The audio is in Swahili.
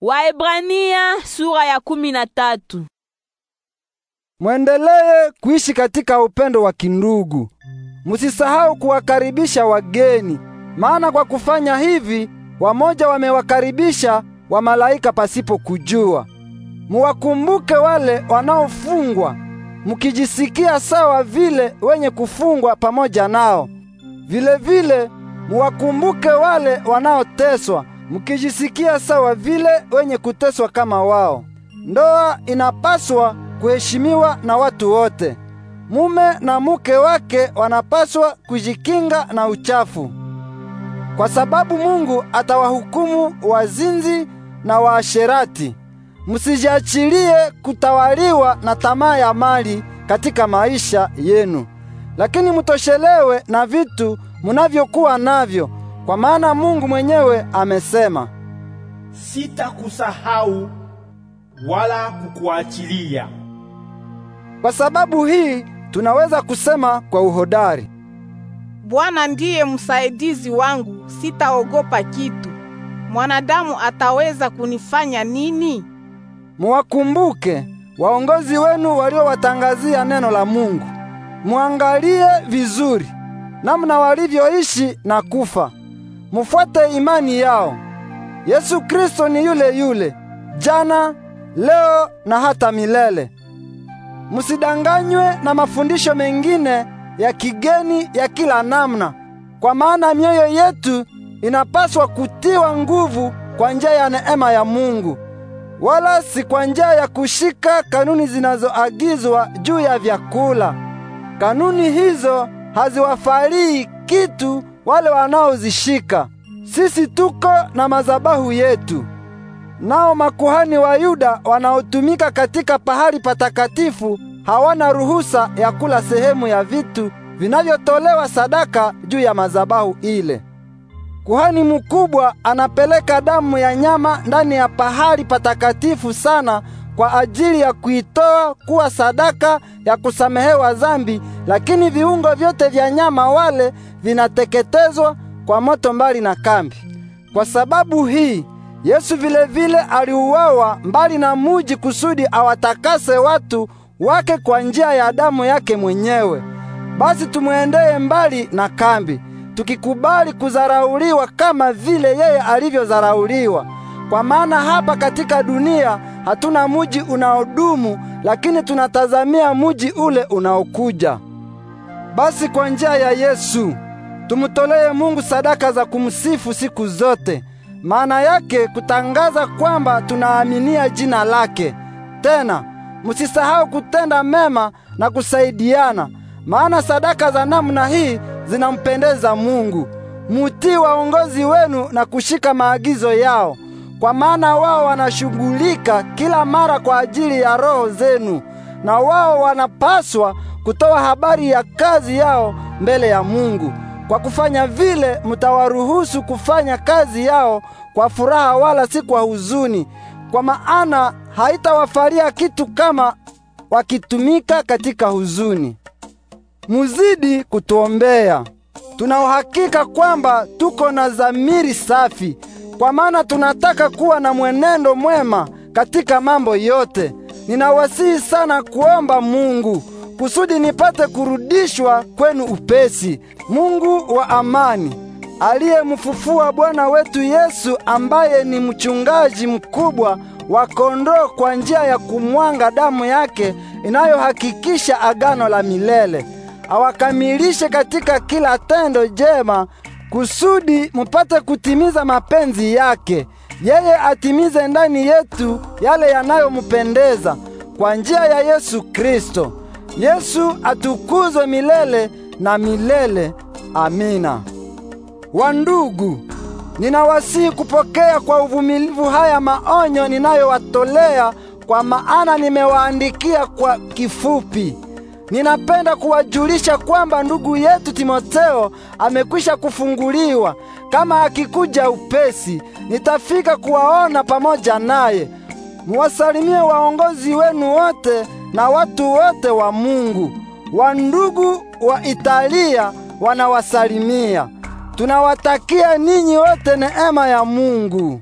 Waebrania sura ya kumi na tatu. Mwendelee kuishi katika upendo wa kindugu. Musisahau kuwakaribisha wageni, maana kwa kufanya hivi wamoja wamewakaribisha wa malaika pasipo kujua. Muwakumbuke wale wanaofungwa, mukijisikia sawa vile wenye kufungwa pamoja nao. Vilevile muwakumbuke wale wanaoteswa mkijisikia sawa vile wenye kuteswa kama wao. Ndoa inapaswa kuheshimiwa na watu wote. Mume na mke wake wanapaswa kujikinga na uchafu, kwa sababu Mungu atawahukumu wazinzi na waasherati. Msijiachilie kutawaliwa na tamaa ya mali katika maisha yenu, lakini mutoshelewe na vitu munavyokuwa navyo kwa maana Mungu mwenyewe amesema, sitakusahau wala kukuachilia. Kwa sababu hii tunaweza kusema kwa uhodari, Bwana ndiye msaidizi wangu, sitaogopa kitu. Mwanadamu ataweza kunifanya nini? Muwakumbuke waongozi wenu waliowatangazia neno la Mungu. Muangalie vizuri namna walivyoishi na kufa mufuate imani yao. Yesu Kristo ni yule yule jana, leo na hata milele. Musidanganywe na mafundisho mengine ya kigeni ya kila namna, kwa maana mioyo yetu inapaswa kutiwa nguvu kwa njia ya neema ya Mungu, wala si kwa njia ya kushika kanuni zinazoagizwa juu ya vyakula. Kanuni hizo haziwafarii kitu wale wanaozishika. Sisi tuko na mazabahu yetu, nao makuhani wa Yuda wanaotumika katika pahali patakatifu hawana ruhusa ya kula sehemu ya vitu vinavyotolewa sadaka juu ya mazabahu ile. Kuhani mkubwa anapeleka damu ya nyama ndani ya pahali patakatifu sana kwa ajili ya kuitoa kuwa sadaka ya kusamehewa dhambi, lakini viungo vyote vya nyama wale vinateketezwa kwa moto mbali na kambi. Kwa sababu hii Yesu vilevile aliuawa mbali na muji kusudi awatakase watu wake kwa njia ya damu yake mwenyewe. Basi tumwendeye mbali na kambi, tukikubali kuzarauliwa kama vile yeye alivyozarauliwa. Kwa maana hapa katika dunia hatuna muji unaodumu, lakini tunatazamia muji ule unaokuja. Basi kwa njia ya Yesu tumtolee Mungu sadaka za kumsifu siku zote, maana yake kutangaza kwamba tunaaminia jina lake. Tena musisahau kutenda mema na kusaidiana, maana sadaka za namna hii zinampendeza Mungu. Mutii waongozi wenu na kushika maagizo yao kwa maana wao wanashughulika kila mara kwa ajili ya roho zenu, na wao wanapaswa kutoa habari ya kazi yao mbele ya Mungu. Kwa kufanya vile, mtawaruhusu kufanya kazi yao kwa furaha, wala si kwa huzuni, kwa maana haitawafalia kitu kama wakitumika katika huzuni. Muzidi kutuombea. Tuna uhakika kwamba tuko na dhamiri safi kwa maana tunataka kuwa na mwenendo mwema katika mambo yote. Ninawasihi sana kuomba Mungu kusudi nipate kurudishwa kwenu upesi. Mungu wa amani aliyemfufua Bwana wetu Yesu, ambaye ni mchungaji mkubwa wa kondoo kwa njia ya kumwanga damu yake inayohakikisha agano la milele, awakamilishe katika kila tendo jema kusudi mupate kutimiza mapenzi yake, yeye atimize ndani yetu yale yanayomupendeza kwa njia ya Yesu Kristo. Yesu atukuzwe milele na milele. Amina. Wandugu, ninawasihi kupokea kwa uvumilivu haya maonyo ninayowatolea, kwa maana nimewaandikia kwa kifupi. Ninapenda kuwajulisha kwamba ndugu yetu Timotheo amekwisha kufunguliwa. Kama akikuja upesi, nitafika kuwaona pamoja naye. Muwasalimie waongozi wenu wote na watu wote wa Mungu. Wandugu wa Italia wanawasalimia. Tunawatakia ninyi wote neema ya Mungu.